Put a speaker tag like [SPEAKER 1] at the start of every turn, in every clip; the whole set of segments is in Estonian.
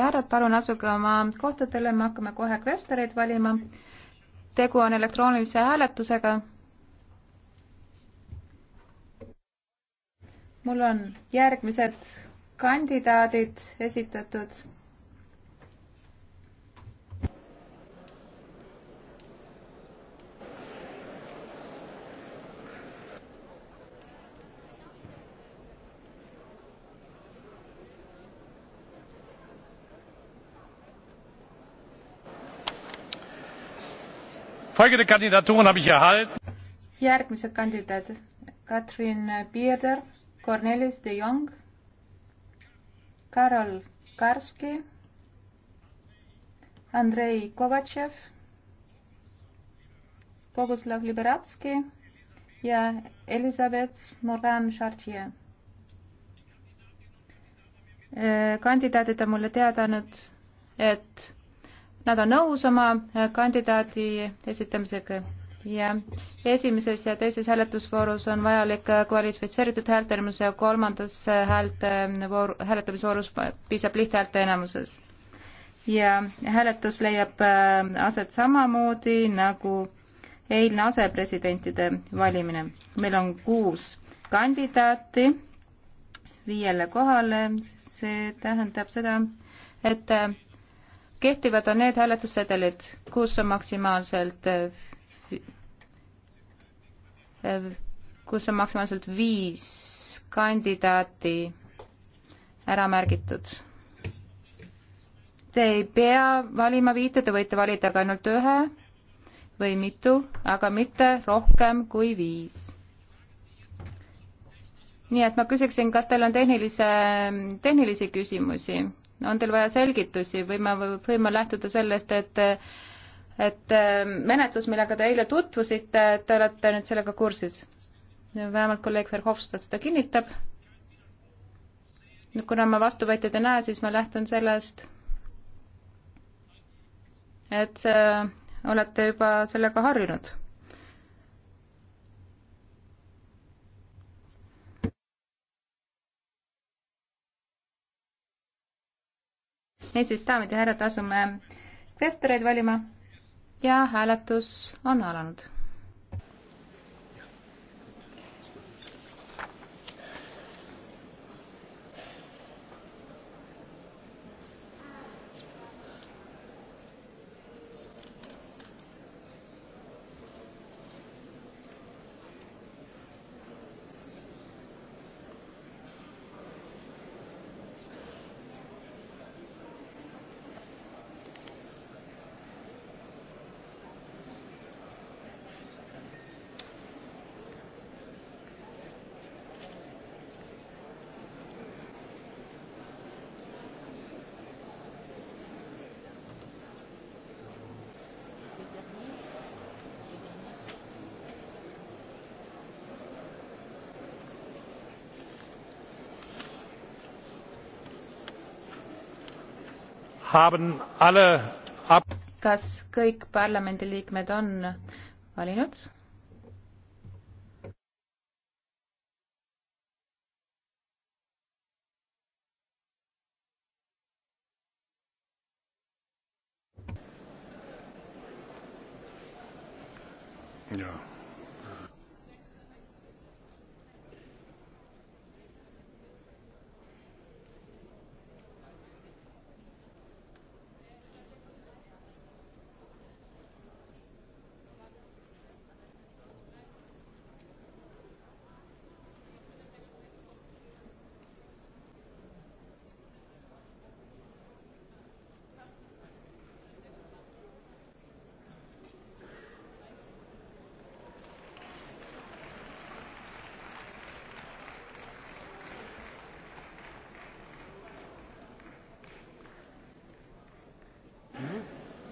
[SPEAKER 1] härrad, palun asuge oma kohtadele, me hakkame kohe kvestereid valima. tegu on elektroonilise hääletusega. mul on järgmised kandidaadid esitatud
[SPEAKER 2] folgende Kandidaturen habe ich erhalten.
[SPEAKER 1] järgmised kandidaadid Katrin Piirder, Cornelis de Jong, Karol Karski, Andrei Kovatšev, Boguslav Liberatski ja Elizabeth Moran-Chartier. Äh, kandidaadid on mulle teada andnud, et nad on nõus oma äh, kandidaadi esitamisega ja esimeses ja teises hääletusvoorus on vajalik äh, kvalifitseeritud häälteenamus ja kolmandas äh, häälte voor, hääletamisvoorus piisab lihthäälte enamuses. ja hääletus leiab aset samamoodi nagu eilne asepresidentide valimine. meil on kuus kandidaati viiele kohale, see tähendab seda, et kehtivad on need hääletussedelid, kus on maksimaalselt, kus on maksimaalselt viis kandidaati ära märgitud. Te ei pea valima viite, te võite valida ka ainult ühe või mitu, aga mitte rohkem kui viis. nii et ma küsiksin, kas teil on tehnilise, tehnilisi küsimusi? on teil vaja selgitusi või ma võime lähtuda sellest, et et äh, menetlus, millega te eile tutvusite, te olete nüüd sellega kursis? vähemalt kolleeg Verhofstadt seda kinnitab. nüüd kuna ma vastuvõtjaid ei näe, siis ma lähtun sellest, et äh, olete juba sellega harjunud niisiis, daamid ja härrad, asume kvestoreid valima ja hääletus on alanud kas kõik parlamendiliikmed on valinud?
[SPEAKER 2] jaa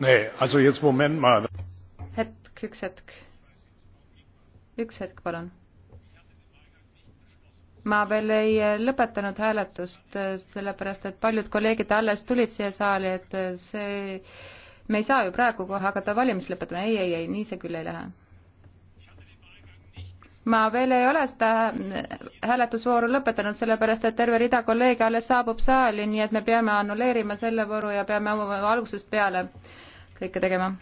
[SPEAKER 2] Nee, also jetzt Moment mal.
[SPEAKER 1] Hetk, üks hetk. Üks hetk, palun. Ma veel ei äh, lõpetanud hääletust, äh, sellepärast, et paljud kolleegid alles tulid siia saali, et äh, see, me ei saa ju praegu kohe hakata valimist lõpetama. Ei, ei, ei, nii see küll ei lähe. Ma veel ei ole seda hääletusvooru lõpetanud, sellepärast et terve rida kolleege alles saabub saali, nii et me peame annuleerima selle vooru ja peame algusest peale kõike tegema.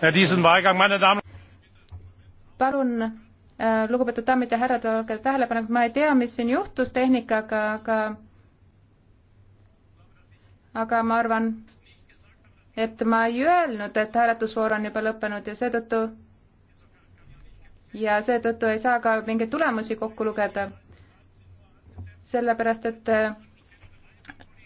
[SPEAKER 2] Herr Diesenwahlgang, meine Damen
[SPEAKER 1] palun Äh, lugupeetud daamid ja härrad, olge tähelepanelikud, ma ei tea, mis siin juhtus tehnikaga, aga aga ma arvan, et ma ei öelnud, et hääletusvoor on juba lõppenud ja seetõttu ja seetõttu ei saa ka mingeid tulemusi kokku lugeda. sellepärast, et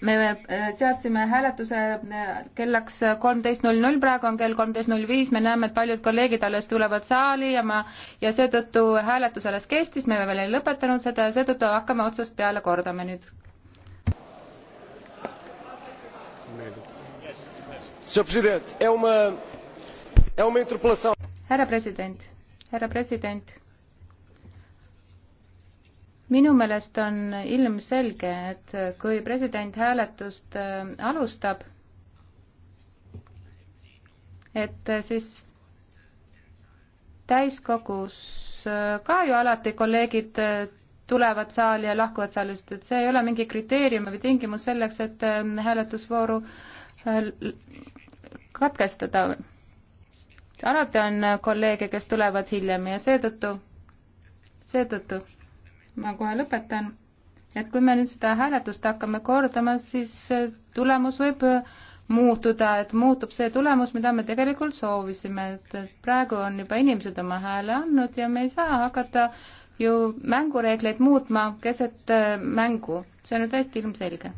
[SPEAKER 1] me äh, seadsime hääletuse äh, kellaks äh, kolmteist null null, praegu on kell kolmteist null viis, me näeme, et paljud kolleegid alles tulevad saali ja ma ja seetõttu hääletus alles kestis, me veel ei lõpetanud seda ja seetõttu hakkame otsast peale, kordame nüüd. härra president, härra president minu meelest on ilmselge, et kui president hääletust äh, alustab, et äh, siis täiskogus äh, ka ju alati kolleegid tulevad saali ja lahkuvad saalist, et see ei ole mingi kriteerium või tingimus selleks, et ähm, hääletusvooru katkestada. alati on kolleege, kes tulevad hiljem ja seetõttu, seetõttu ma kohe lõpetan, et kui me nüüd seda hääletust hakkame kordama, siis tulemus võib muutuda, et muutub see tulemus, mida me tegelikult soovisime, et praegu on juba inimesed oma hääle andnud ja me ei saa hakata ju mängureegleid muutma keset äh, mängu, see on ju täiesti ilmselge.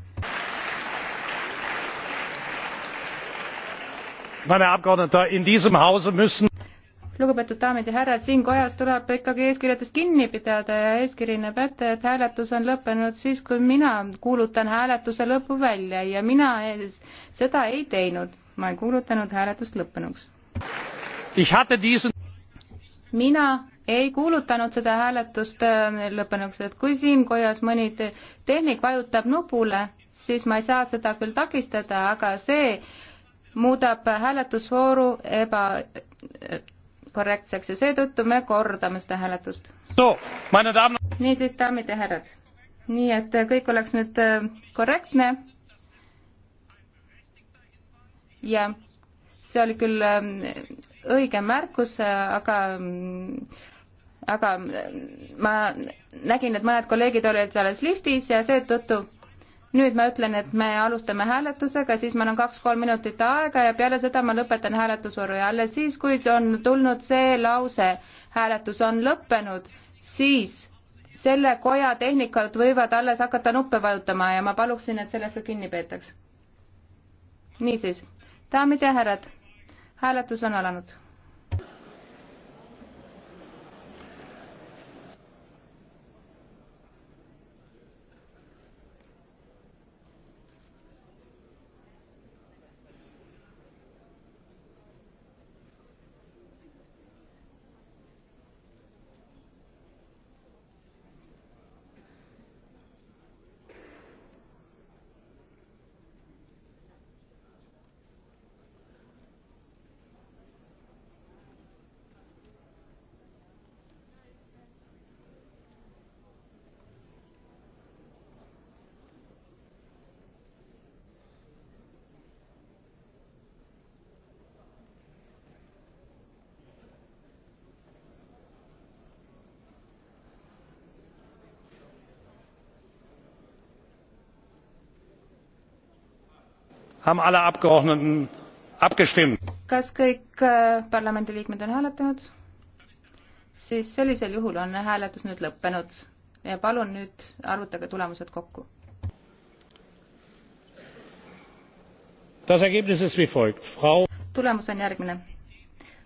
[SPEAKER 2] meine abgeordnete in diesem hause müssen
[SPEAKER 1] lugupeetud daamid ja härrad, siin kojas tuleb ikkagi eeskirjadest kinni pidada ja eeskiri näeb ette, et hääletus on lõppenud siis, kui mina kuulutan hääletuse lõpu välja ja mina ees, seda ei teinud. ma ei kuulutanud hääletust lõppenuks. mina ei kuulutanud seda hääletust äh, lõppenuks, et kui siin kojas mõni tehnik vajutab nupule, siis ma ei saa seda küll takistada, aga see muudab hääletusvooru eba korrektseks ja seetõttu me kordame seda hääletust. niisiis, daamid ja härrad, nii et äh, kõik oleks nüüd äh, korrektne ja see oli küll ähm, õige märkus, äh, aga aga ma nägin, et mõned kolleegid olid alles liftis ja seetõttu nüüd ma ütlen, et me alustame hääletusega, siis meil on kaks-kolm minutit aega ja peale seda ma lõpetan hääletusvoru ja alles siis, kui on tulnud see lause, hääletus on lõppenud, siis selle koja tehnikud võivad alles hakata nuppe vajutama ja ma paluksin, et sellest ka kinni peetaks. niisiis, daamid ja härrad, hääletus on alanud
[SPEAKER 2] haben alle abgeordneten abgestimmt?
[SPEAKER 1] kas kõik äh, parlamendiliikmed on hääletanud? siis sellisel juhul on hääletus nüüd lõppenud ja palun nüüd arvutage tulemused kokku. tulemus on järgmine.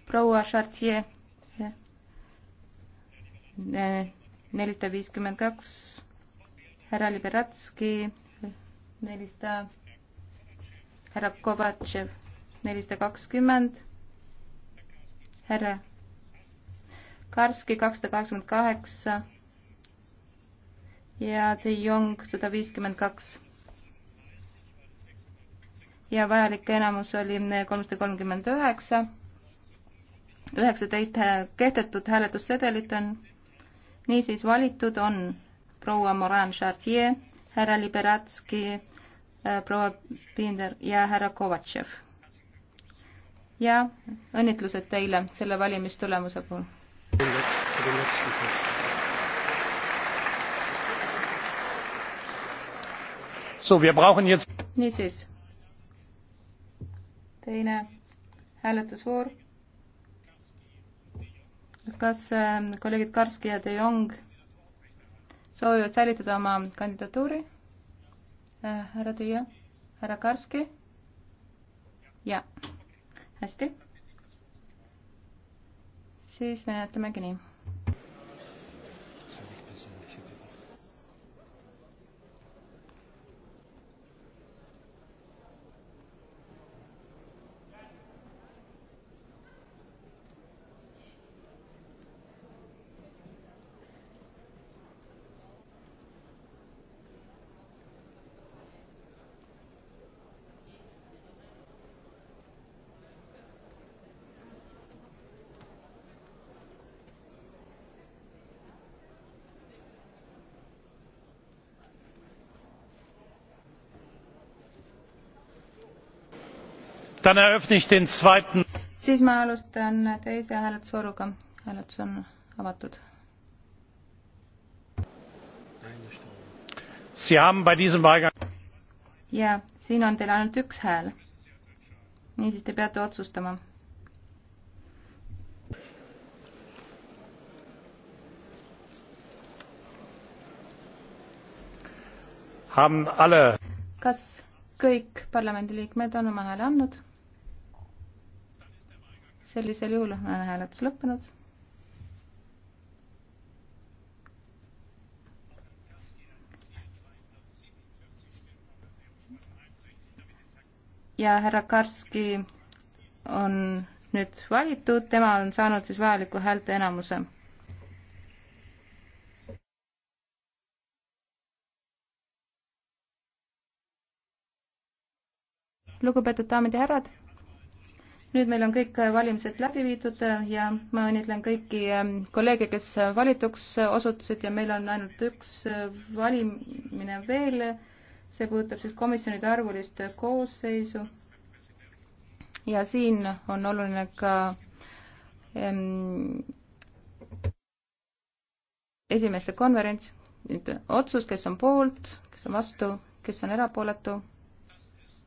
[SPEAKER 1] proua Chartier äh, nelisada viiskümmend kaks, härra Liberatski nelisada härra Kovatšev nelisada kakskümmend, härra Karski kakssada kaheksakümmend kaheksa ja De Jong sada viiskümmend kaks. ja vajalik enamus oli kolmsada kolmkümmend üheksa, üheksateist kehtetud hääletussedelit on, niisiis valitud on proua Morin Chartier, härra Liberatski, Äh, proua Pinder ja härra Kovatšev. ja õnnitlused teile selle valimistulemuse puhul. niisiis, teine hääletusvoor. kas äh, kolleegid Karski ja De Jong soovivad säilitada oma kandidatuuri? Äh, härra Tüüa, härra Karski? jah, hästi. siis menetlemegi nii siis ma alustan teise hääletusvooruga. hääletus on avatud. ja siin on teil ainult üks hääl. niisiis, te peate otsustama
[SPEAKER 2] haben alle
[SPEAKER 1] kas kõik parlamendiliikmed on oma hääle andnud? sellisel juhul on hääletus lõppenud. ja härra Karski on nüüd valitud, tema on saanud siis vajaliku häälteenamuse lugupeetud daamid ja härrad nüüd meil on kõik valimised läbi viidud äh, ja ma õnnitlen kõiki äh, kolleege, kes äh, valituks osutusid ja meil on ainult üks valimine veel. see puudutab siis komisjonide arvulist koosseisu. ja siin on oluline ka ähm, esimeeste konverents, nüüd otsus, kes on poolt, kes on vastu, kes on erapooletu